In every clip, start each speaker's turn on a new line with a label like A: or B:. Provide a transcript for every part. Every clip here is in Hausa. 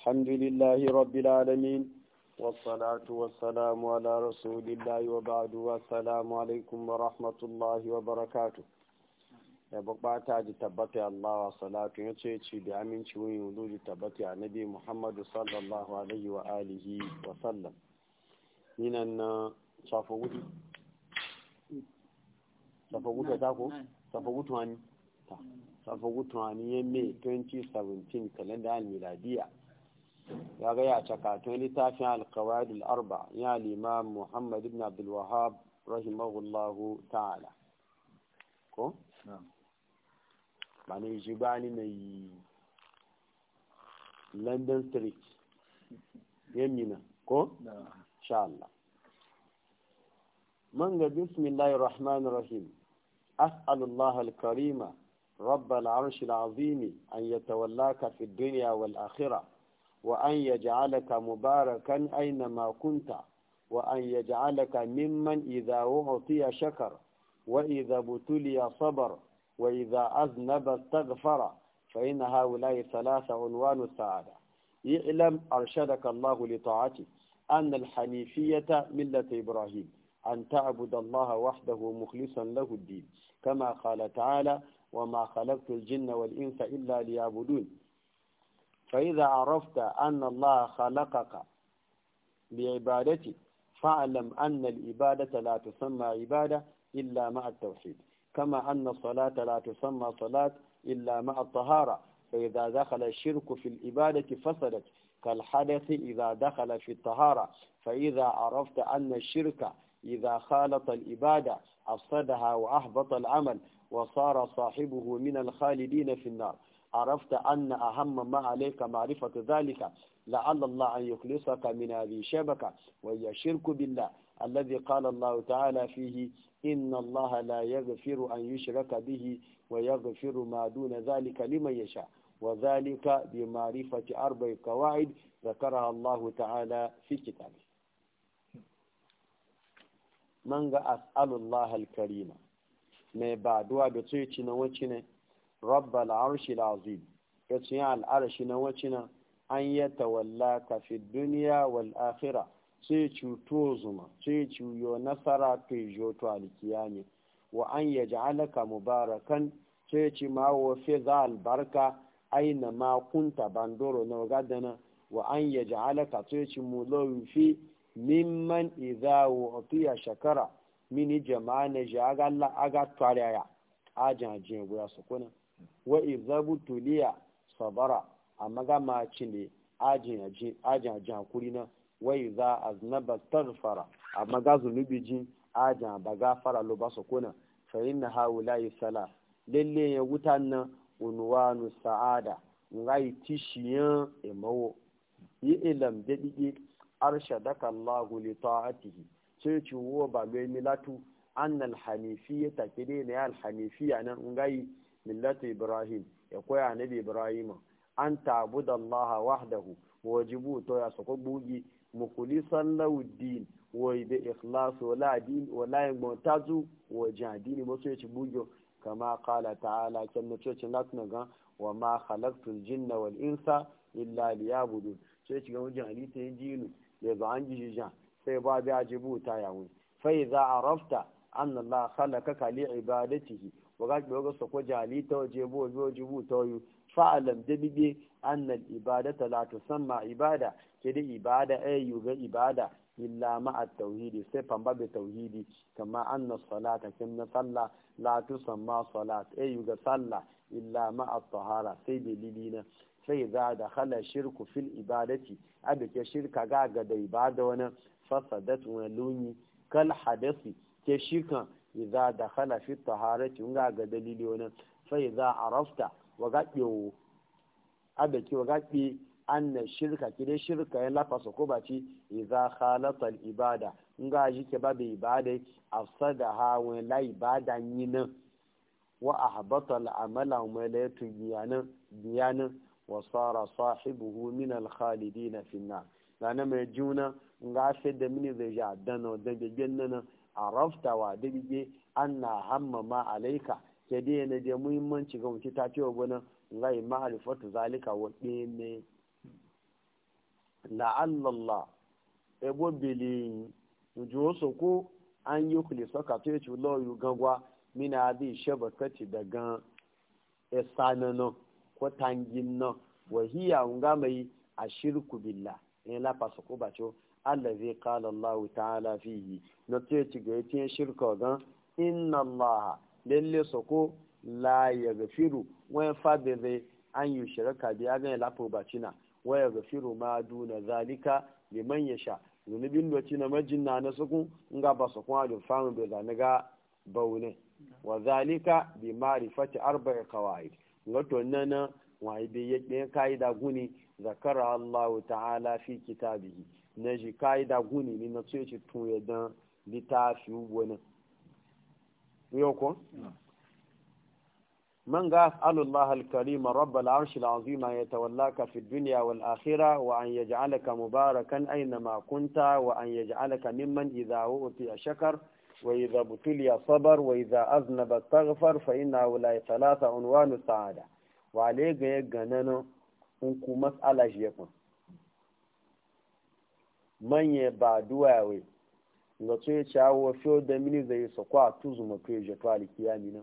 A: الحمد لله رب العالمين والصلاة والسلام على رسول الله وبعد والسلام عليكم ورحمة الله وبركاته da aminci wani yudu ji na safa gudu 2017 miladiya ya ga ya cakato littafin alkawadil arba ya limam muhammad ibn abdulwahab rahimahullahu ta'ala ko? ba ne shi ba ni mai london street yamina ko? sha Allah من بسم الله الرحمن الرحيم أسأل الله الكريم رب العرش العظيم أن يتولاك في الدنيا والآخرة وأن يجعلك مباركا أينما كنت وأن يجعلك ممن إذا أعطي شكر وإذا ابتلي صبر وإذا أذنب استغفر فإن هؤلاء ثلاثة عنوان السعادة اعلم أرشدك الله لطاعته أن الحنيفية ملة إبراهيم أن تعبد الله وحده مخلصا له الدين كما قال تعالى وما خلقت الجن والإنس إلا ليعبدون فإذا عرفت أن الله خلقك لعبادتي فاعلم أن العبادة لا تسمى عبادة إلا مع التوحيد كما أن الصلاة لا تسمى صلاة إلا مع الطهارة فإذا دخل الشرك في العبادة فسدت كالحدث إذا دخل في الطهارة فإذا عرفت أن الشرك إذا خالط الإبادة أفسدها وأحبط العمل وصار صاحبه من الخالدين في النار عرفت أن أهم ما عليك معرفة ذلك لعل الله أن يخلصك من هذه الشبكة وهي الشرك بالله الذي قال الله تعالى فيه إن الله لا يغفر أن يشرك به ويغفر ما دون ذلك لمن يشاء وذلك بمعرفة أربع قواعد ذكرها الله تعالى في كتابه من أسأل الله الكريم ما بعدها بطيئة نوتنا rabbal la azim ya ce ya al’arshi na wacina an yi tawalla ka fi duniya wal akhira sai cuto zuma sai cuyo nasara kai joto ne wa an ji alaka mubarakan sai ci ma wa za albarka aina ma kunta bandoro na gadana wa an ji alaka sai ci mulo mimman iza wa shakara mini jama'a na ji aga ya ajin ajiyar guya wa izabu tuliya sabara amma ga ma ne ajin ajin hakuri na wa iza aznaba tarfara a ga zunubi ji ajin ba fara lo ba kuna fa inna haula sala lalle ya wuta nan unwanu sa'ada ngai tishiyan emawo yi ilam daɗiɗi arshadaka Allahu li ta'atihi sai ci wo ba mai milatu annal hanifiya ta al hanifiya nan ngai millatu ibrahim ya koya annabi ibrahima an da allaha wahdahu wajibu to ya sako bugi mukulisan lauddin wai da ikhlasu wala din wala yamtazu wajen addini ba ci kama qala ta'ala kan nace cin latin ga wa ma khalaqtul jinna wal insa illa liyabudun sai ci ga wajen halitta yin jinu ya zo an ji jan sai ba bi ajibu ta yawo fa idza arafta anna allaha khalaqaka li ibadatihi وقال بيوغا سوكو جالي تو جيبو جو جيبو تو فعلم دبيبي أن الإبادة لا تسمى إبادة كده إبادة أي يوغا إبادة إلا مع التوحيد سيبان باب التوحيد كما أن الصلاة كما صلى لا تسمى صلاة أي يوغا صلى إلا مع الطهارة سيب لدينا فإذا دخل الشرك في الإبادة أبك شركة قاقة دا إبادة وانا فصدت ونلوني كالحدث كشركة idza dakhala fi taharati nga ga dalili wannan fa a arafta wa gaɓewo abeki wa gaɓe anna shirka kide shirka ya lafasa ko baci idza khalata ibada nga ji ke babe ibada afsada ha wa la ibada yina wa ahbata al amala wa la tuyana biyana wa sara sahibuhu min al khalidin fi nar lana mai juna nga fe da mini zai ja dano da gegen nan arafta wa dirge anna hamma ma alaika ke dai ne da muhimmanci ga mutum ta ce wa gona ngai ma'arifatu zalika wa ne la'allalla ebo bilin jo so ko an yi kuli soka to yace lawyu gagwa mina bi shabakati daga esanano ko tangin no wahiya unga mai ashirku billah ne la ko bacho allazi qala Allah ta'ala fihi na ce ci ga yace shirka ga inna Allah lalle soko la yaghfiru wa yafabe zai an yi shirka bi a ganin lafo bacina wa yaghfiru ma duna zalika liman yasha zunubin da na majin na na suku nga ba su kuma da da zaniga baune wa zalika bi ma'rifati arba'i qawaid ngato nana wa ibe yake kai da guni zakara allahu ta'ala fi kitabihi na shi ka'ida guni ni na tsoye ci tun ya dan littafi wani yau ko? من غاف الله الكريم رب العرش العظيم أن يتولاك في الدنيا والآخرة وأن يجعلك مباركا أينما كنت وأن يجعلك ممن إذا أوتي شكر وإذا بتلي صبر وإذا أذنب استغفر فإن هؤلاء ثلاثة عنوان السعادة وعليك يجنن أنكم مسألة جيكم manye ba duwawe ga tso ya cawo fiyo da mini zai sa kwa tuzu ma kai je tuwa likiya mina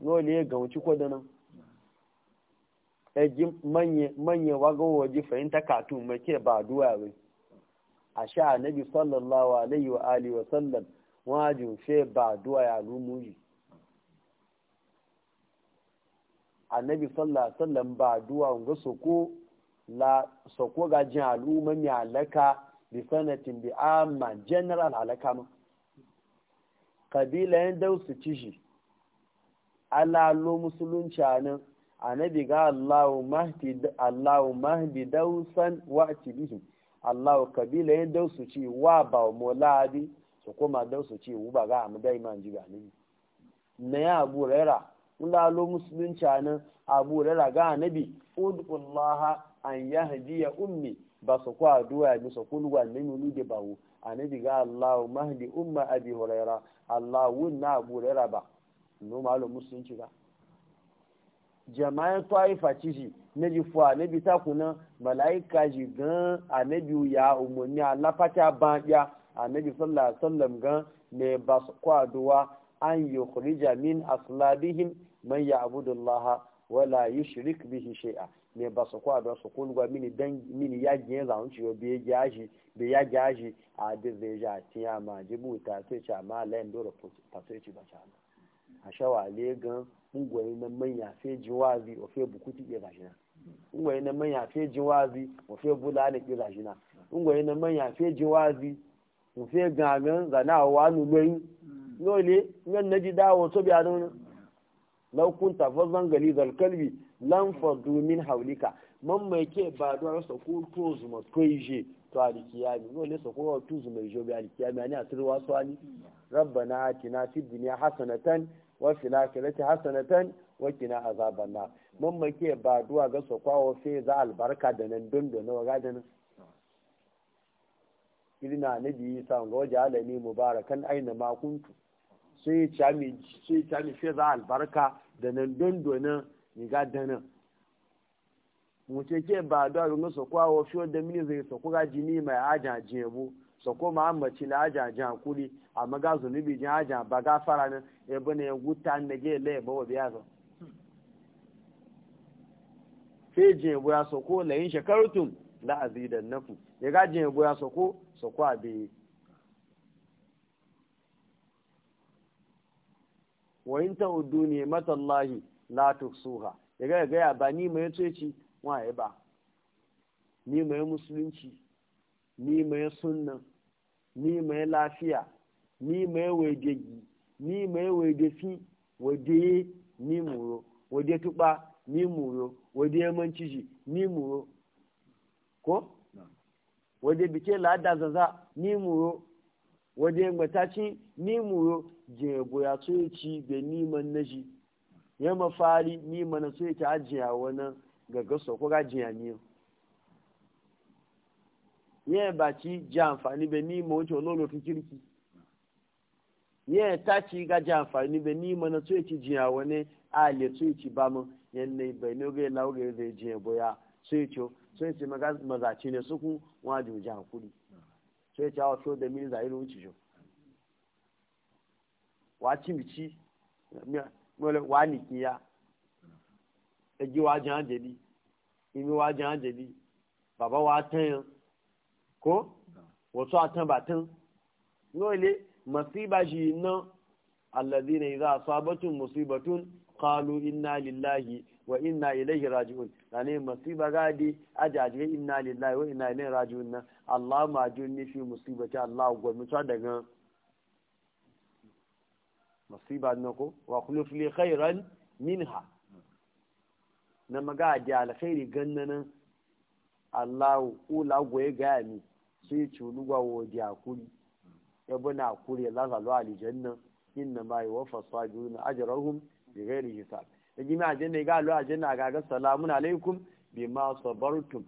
A: no ne ga wuci ko da nan ejin manye manye waga waje fahimta katu ma ke ba duwawe a sha annabi sallallahu alaihi wa alihi wa sallam wajin fe ba duwa ya rumuji annabi sallallahu alaihi wa sallam ba duwa ga soko la soko ga jin al'umma mai alaka bisanatin sanatin bi amma general halaka ma kabila yan dausu ci shi alalo musulunci anan annabi ga Allahu mahdi Allahu mahdi dausan wa atibihim Allahu kabila yan dausu ci wa ba molabi su kuma dausu ci wu ba ga dai man ji ga ni na ya abu rera lalo musulunci anan abu rera ga annabi udullaha an yahdiya ummi ba su kwa addu'a bi su kulu wa nan yulu de bawo annabi ga Allah mahdi umma abi huraira wun na abu huraira ba no malo musulunci ba jama'a taifa ciji na ji fuwa ne bi ta kuna mala'ika ji gan bi ya umarni alafata ban ya bi sallallahu alaihi wasallam gan ne ba su kwa addu'a an yukhrija min aslabihim man ya Allah wala yushrik bihi shay'a me ba su kwa don su kulgwa mini dan mini ya giye za un ciyo be gaji be ya gaji a de veja tiya ma jibuta sai cha ma len doro pasai ba cha a shawa le gan ungwaye na manya sai jiwazi o fe bukuti ke gashi na ungwaye na manya sai jiwazi o fe bulani ke gashi na ungwaye na manya sai jiwazi o fe gangan zana wa nu loyin nole ngan naji dawo so biya don law kunta fazan galizal kalbi lan fardu min haulika man mai ke ba duwar rasa ko to zuma koje to alkiyami no ne sa ko to zuma je bi alkiyami ani asirwa so ani rabbana atina fid dunya hasanatan wa fil akhirati hasanatan wa qina azaban nar man mai ke ba duwa ga so kwawo sai za albarka da nan dondo da waga ga nan idina nabi sa ga waje alani mubarakan aina ma kuntu sai ya ci sai ya ci sai za albarka da nan dondo na ga dana mutu ba da rungu su kwa wa fiye da mini zai su kuka jini mai ajajen yabo su kuma an mace na ajajen hakuri amma ga zunubi jin aja ba ga fara nan ya e bane ya guta na ge ba wa biya zan fi jin yabo ya soko layin shekarutun la'azi da nafi ya e ga jin yabo ya soko soko a bai wa yin ta ne matallahi la suha daga ga ya ba ni mai tsoci waye ba ni mai musulunci ni mai sunna ni mai lafiya ni mai waidegi ni mai waidefi wade ni muro wade tuba ni muro wade yamanciji ni muro ko wade bike lada zaza ni muro wade mataci ni muro je goya tsoci da niman naji ya mafari ni mana so yake ajiya wani gaggasa ko gajiya ne ba ci ji amfani be ni ma wuce ololo fi kirki ta ci ga amfani be ni mana so yake jiya wani ale so yake ba mu yanne bai ne ga laure zai jiya boya so yake so yake mazaci ne suku wajen ji hakuri so yake awa so da mini wuce jo wa mọ́lẹ̀ wà ní kíyà ẹjí wa jẹ́ àjẹ́bí inú wa jẹ́ àjẹ́bí bàbá wa tẹ́yàn kó wọ́n wọ́tọ́ àtẹ́bàtán náà lè masiba ṣì iná alàdí na ìzá sábàtún musibatun kalu inna lillahi wa inna ilaihi raji'un yani masiba gadi ajaje inna lillahi wa inna ilaihi raji'un na allah ma junni fi musibati allah gwamnati daga masiba na ko wa li khairan minha na maga da alkhairi gannanan Allah ula goye ga mi sai culuwa wo di akuri yabuna akuri la zalu aljanna inna ma yuwaffa sajuna ajrahum bi ghairi hisab yaji ma aljanna ga lu aljanna ga ga salamun alaikum bima sabartum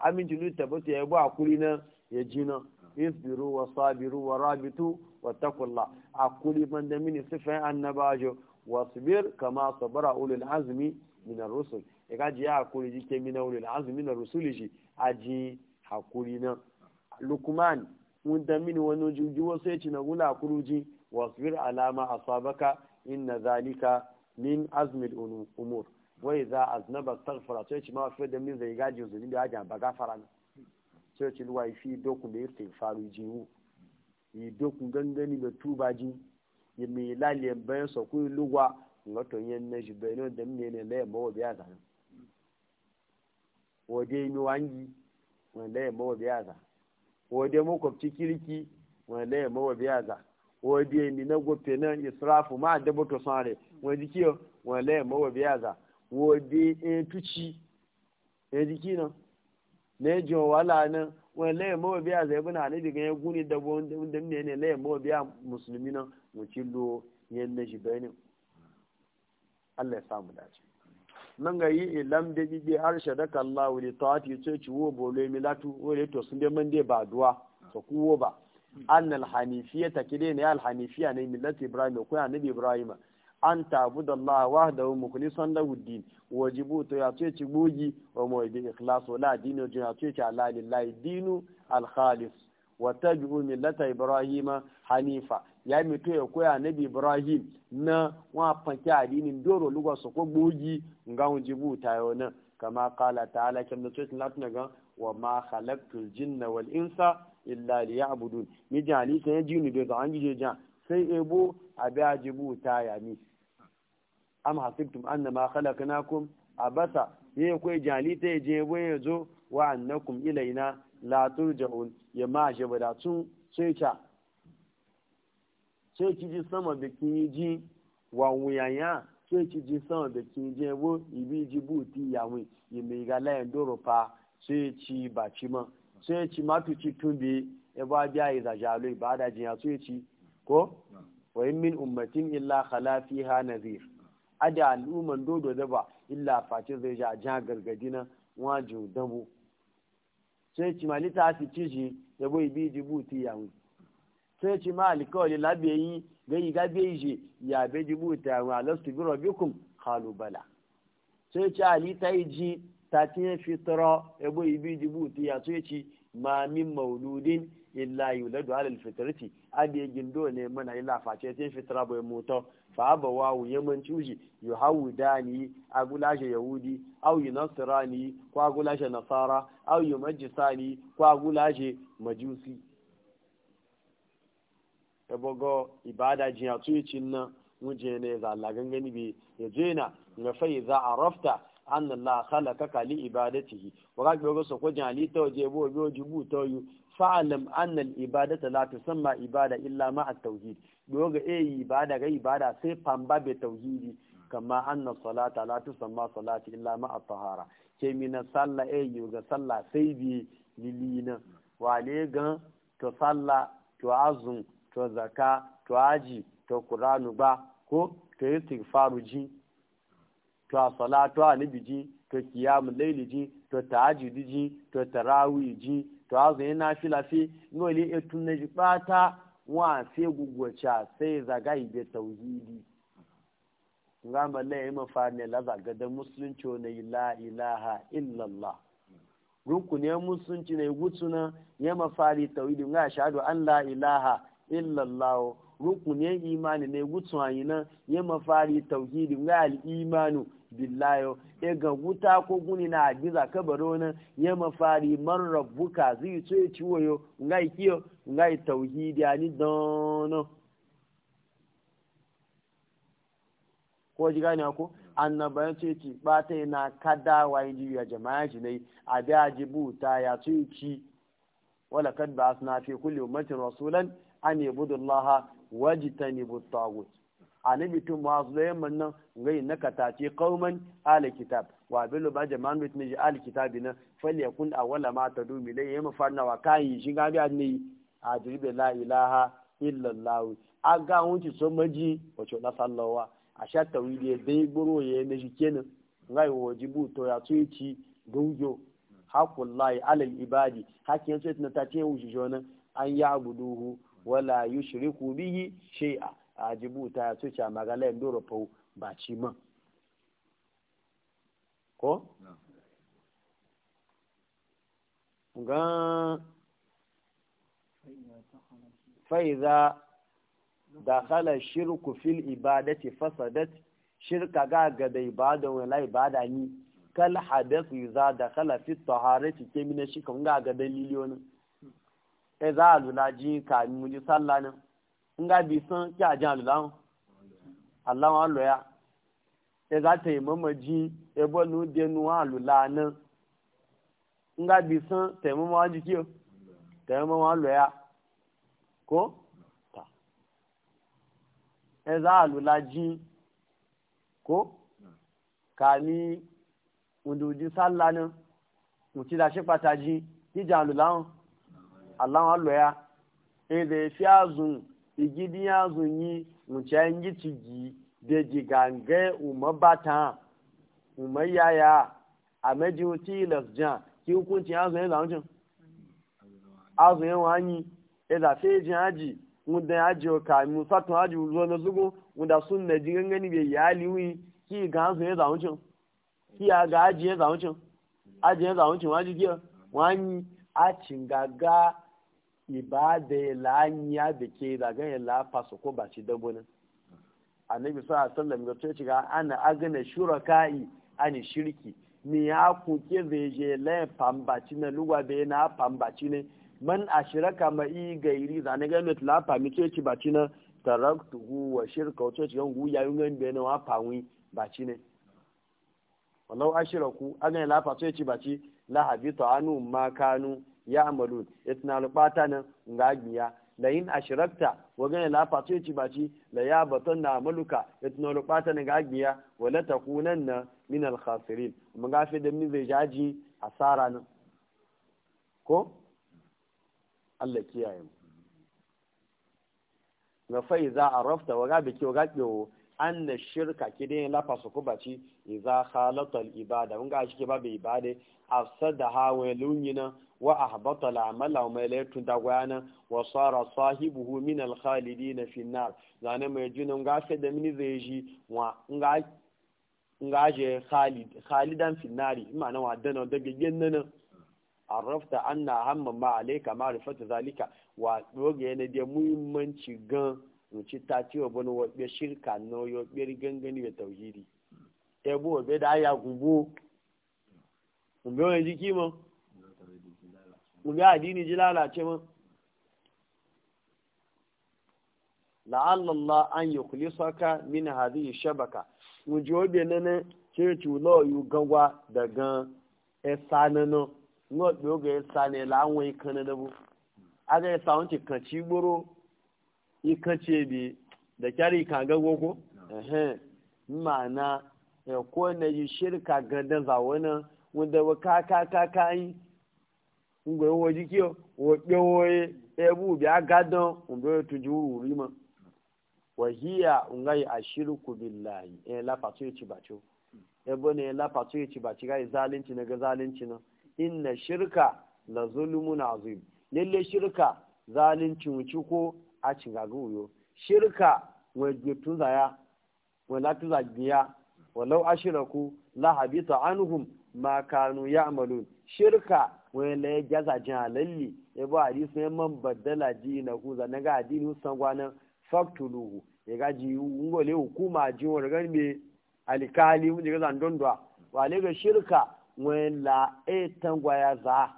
A: amin julu tabata yabu akuri na yajina isbiru wa sabiru wa rabitu wattaqulla akuli banda mini sifan annabajo wasbir kama sabara a azmi min ar-rusul iga ji akuli jike min ulul azmi min ar-rusuli ji aji hakuri na lukman mun da mini wani juju wasu ya ci na gula kuruji wasbir alama asabaka inna zalika min azmil umur wai za a znaba stagfara sai ci ma fi da min zai gaji zuni da ajiyar baga fara na sai ci fi dokun da ya faru jiwu yi doku gangani da tubaji ya mai laliyan bayan sa kuyi lugwa wato yin na shi bayan da mene ne layan mawa biya zanen wade yi wangi wani layan mawa biya za wade makwabci kirki wani layan mawa biya za wade ni na gofe nan israfu ma da bato sare wani kiyo wani layan mawa biya za wade tuci ya jiki nan na yi jin wala nan wani laye mawa biya zai bina ne daga ya guni dabo wanda ne ne laye mawa biya musulmi nan muci lo yan na shi bayanin Allah ya samu dace nan ga yi ilam da bibi har shadaka Allah wuri tawati ce ci wo bolo mi latu wuri to sun dai man dai ba duwa so kuwo ba an al hanifiya ta kide ne al ne millati ibrahim ko annabi ibrahim an da Allah da mukhlishan lahu ad-din wajibu to ya ce gogi wa mu bi ikhlas wala dinu ya ce ala lillahi dinu al-khalis wa tabi'u millata ibrahima hanifa ya mi to ya koya nabi ibrahim na wa fanki adinin doro lugwa su ko gogi nga wajibu ta yo na kama qala ta'ala kam da ce latin ga wa ma khalaqtul jinna wal insa illa liya'budun ni jani sai jini da an gije jan sai ebo abi ajibu ta ya ni. am hasibtum annama khalaqnakum abasa ye ko jali te je ya zo wa annakum ilaina la turja'un ya ma je bada tun sai ta sai ki ji sama da ki ji wa wuyanya sai ki ji sama da ki je bo ibi ji buti ya mu ye mi ga la doro pa sai ci ba ci ma sai ci ma tu ci tun bi e ba ja yi da jalo ibada jin ya sai ci ko wa min ummatin illa khala fiha nadhir ada al'umman dodo da ba illa face zai ja ja gargadi na wajin dabo sai ci ma ta fi ci shi da bai bi jibuti ya mu sai ci ma alkawali labe yi ga yi gabe yi ya ji jibuti ya mu alastu bi kun qalu bala sai ci ali yi ji ta tiye fitara bi ji jibuti ya sai ci ma min mauludin illa yuladu ala alfitrati abi gindo ne mana illa face tin fitra boy muto fa ba wawu yaman cuji yuhawdani agulaje yahudi aw yunasrani ko agulaje nasara aw yumajisani ko agulaje majusi ebogo ibada jin atuicin nan muje ne za Allah gangani bi yajena na fa iza arafta anna Allah khalaqaka li ibadatihi wa ga go so ko jali to je bo bo jibu to yu fa'alam annal ibadata la sama ibada illa ma a tauhidi doga e ibada ga ibada sai famba be tauhidi kama anna salata la sama salati illa ma a tahara ke mina salla e ga salla sai bi lilina wale ga to salla to azun to zaka to aji to kuranu ba ko to istighfaru ji to salatu anibiji to qiyamul laili ji to aji ji to tarawih ji to azu yin na fi lafi ile etun na ji bata wa se gugwacha sai zaga ibe tauhidi ngamba malla yi mafa ne la zaga da musulunci ne la ilaha illallah rukun ne musulunci ne gutsuna ya mafari tauhidi nga shahadu an la ilaha illallah rukunin imani ne gutsun ayi nan ya mafari tauhidi ga al'imanu billayo e ga guta ko guni na ajiza kabaro nan ya mafari man rabbuka zai ce ya ciwo yo ikiyo ga tauhidi ani dono ko ji gane ko annabayan ce ci bata kada kadawa yin jiya jama'a shi ne a da ta ya ce ci wala kad ba asna fi kulli ummatin rasulan an yabudullaha wajtanibu tagut ni tun masu da yamman nan ngai na katace kauman ala kitab wa bilu ba jama'an bitin ji ala kitab na falyakun yakun awwala ma tadu lai ya mafarna wa yi shi ga bi ne a jirbe la ilaha A ga aga hunci so maji wato na sallawa a sha tawili dai gboro ye na shi kenan ngai wajibu to ya tsuci gaujo hakullahi alal ibadi hakin sai na ta ce wuce jona an ya wala yushriku bihi shay'a ajibu ta su cha magalai ndoro pau ba ci ko ko ga kala dakhala shirku fil ibadati fasadat shirka ga ga da ibada wala ibada ni kal hadath iza dakhala fi taharati kemina shi ga ga dalilionin e za a lula ji ka mu ji sallah nan in bi san ki a jan lula mu Allah wa loya e za ta yi mama ji e bo nu de nu lula nan in bi san ta yi mama wa ji kiyo ta yi mama wa loya ko ta e za a lula ji ko ka ni odoji sallah nan mo ti da ṣe pàtàkì jíjà lula wọn. alawa loya ede fi azun igidi azun yi wuce ngi cigi de jigange umma bata umma yaya a meji wuti lasjan ki hukunci azun ya zaunjin azun ya wani eda fi ejin aji wunda aji o ka mu satun aji ulo na zugo wunda sun na jin gangani bai yali wi ki ga azun ya zaunjin ki ya ga aji ya zaunjin aji ya zaunjin wani giya wani a cingaga ibada ya la'anya da ke zagaya ya lafa su ko ba ci dabunan annabi sa sallam ga to shiga ana agana shuraka'i ani shirki mi ya ku ke veje la pambaci na luwa be na pambaci ne man ashiraka ma i gairi zane ga met la pami to ci baci na taraktuhu wa shirka to ci ngu ya yungen be na wa pawi baci ne wallahu ashiraku agana la fa to ci baci la habita anu ma kanu ya amalu itna lubata nan ga giya la in ashrakta wa gani la fa tuci baci la ya na amaluka itna lubata nan ga giya wa la takunanna min al khasirin mun ga fi da min zai jaji asara nan ko Allah kiyaye mu na fai za a rafta wa ga kiwo an na shirka kidin lafa su baci iza halatar ibada mun ga shi ke babu ibada a da lunyina wa ahbata al'amala wa mai laifin dagwayanan wa tsara sahibuhu min alkhalidi na finnar zane mai junan gafe da mini zai ji wa ngaje khalidan finnari imana wa dana daga yannanan arrafta na hamma ma ma rufata zalika wa doge na da muhimmanci gan wuce ta ci wa bani wa shirka na yo gangani da tauhidi ebo be da ya gubo mun wani jiki mu mu ga addini ji lalace mun la'alla Allah an mini min hadhihi shabaka mu jobe nana ce ci lo yu gangwa daga esanano ngo do ga esane la won ikana da bu aga esawon ti kan ci gboro ikan ebe bi da kyari kan gangwa ko eh ma'ana e ko na yi shirka gadan zawana wanda wa ka ka ka ka yi ngbe wo jiki o wo pe wo e ebu bi agadan ngbe wu uri mo wa hiya ngai ashirku billahi e la patu yi bacho e bone la patu yi bachi ga zalunci na ga zalunci na inna shirka la zulmun azim lalle shirka zalunci wuci ko a cinga guyo shirka wa gutun zaya wa la tu wa walau ashiraku la habita anhum ma kanu ya'malun shirka wani na ya gyasa jin halalli ya ba a disu ya man baddala ji na kuza na ga ni san gwana faktuluhu ya ga ji ngole hukuma ji wani gani mai alikali mun jiga zandon da wa ne ga shirka wani la e ya za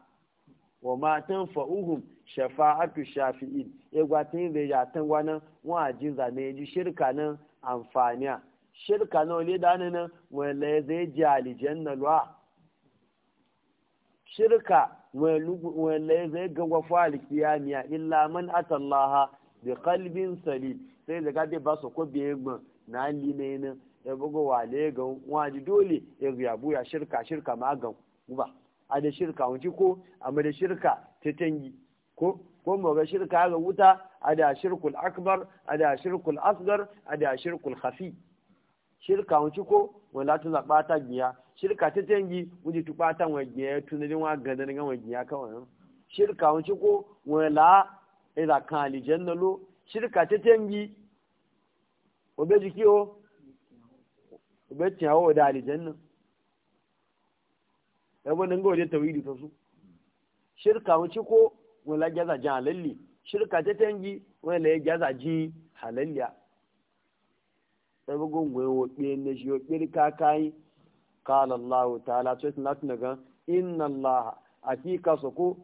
A: wa ma tan fa'uhum shafa'atu shafi'in ya gwatin zai ya tangwanan wajin zane ji shirka nan amfaniya shirka nan wani da nan wani la ya zai ji alijan na lua. shirka ya zai ga fali kiyamiya illa man atallaha bi qalbin salim sai da bai ba su ko biye ma na ali ne ne ya bugo wale ga waji dole ya yabu ya shirka shirka ma ga a da shirka ko a da shirka ta tangi ko ko mu ga shirka ga wuta a da shirkul akbar a da shirkul asgar a da shirkul khafi shirka wuci ko wala tun zaɓa ta giya shirka ta tengi wuji tu ta wa giya ya tunani wa gada ga wani giya kawai shirka wuci ko wala ila e kan alijan na lo shirka ta tengi obe jiki o obe tiyawo da alijan nan e yabo nan ga waje tawili ta su shirka wuci ko wala gyaza jan halalli shirka ta tengi wani ya gyaza ji halalliya ebogon gwe wo pe ne shi wo pe ka kai qala allah ta'ala to tin latna ga inna allah hakika soko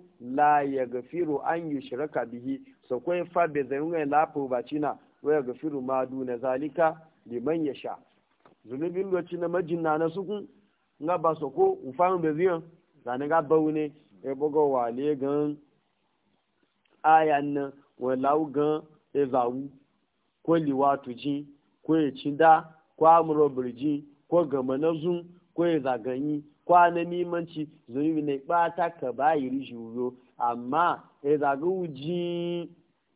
A: soko fa be zayunga la bacina wa yaghfiru ma na zalika liman yasha zunubin lokaci na majina na sukun nga ba soko ufan be ziyan zani ga bawune ebogo wale gan gan ezawu ko ya ci da ko amuro birji ko gama na zun ko ya zaganyi ko na nimanci zunubi ne bata ka bayi rishi wuyo amma ya e zaga wuji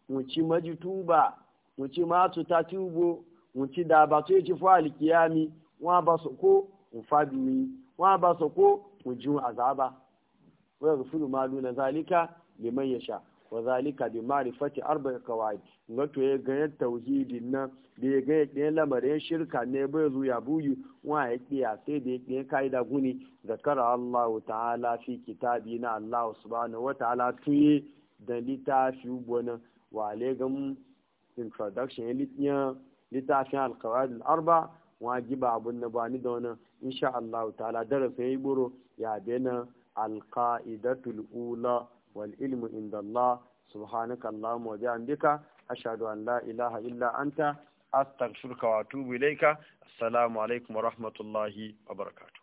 A: wuci maji tuba wuci matu ta tubo wuci da ba to ya ci fa alikiyami wa ba su ko wufabiwi wa ba su ko wujin azaba wa ya malu na zalika liman ya sha wa zalika bi ma'rifati arba'i qawaid wato ya ga tauhidin nan da ya ga ɗaya lamarin shirka ne bai zuya buyu wa ya kiya sai da ya kai da guni zakara Allah ta'ala fi kitabi na Allah subhanahu wa ta'ala tuye da litafi gona wa legan introduction ya littafin alqawaid al-arba wajiba abun na bani da wannan insha Allah ta'ala darasin yi buro ya bena alka'idatul ula wal ilmu inda Allah subhanaka Allahumma wa bihamdika ashhadu an la ilaha illa anta astaghfiruka wa atubu ilaika assalamu alaikum wa rahmatullahi wa barakatuh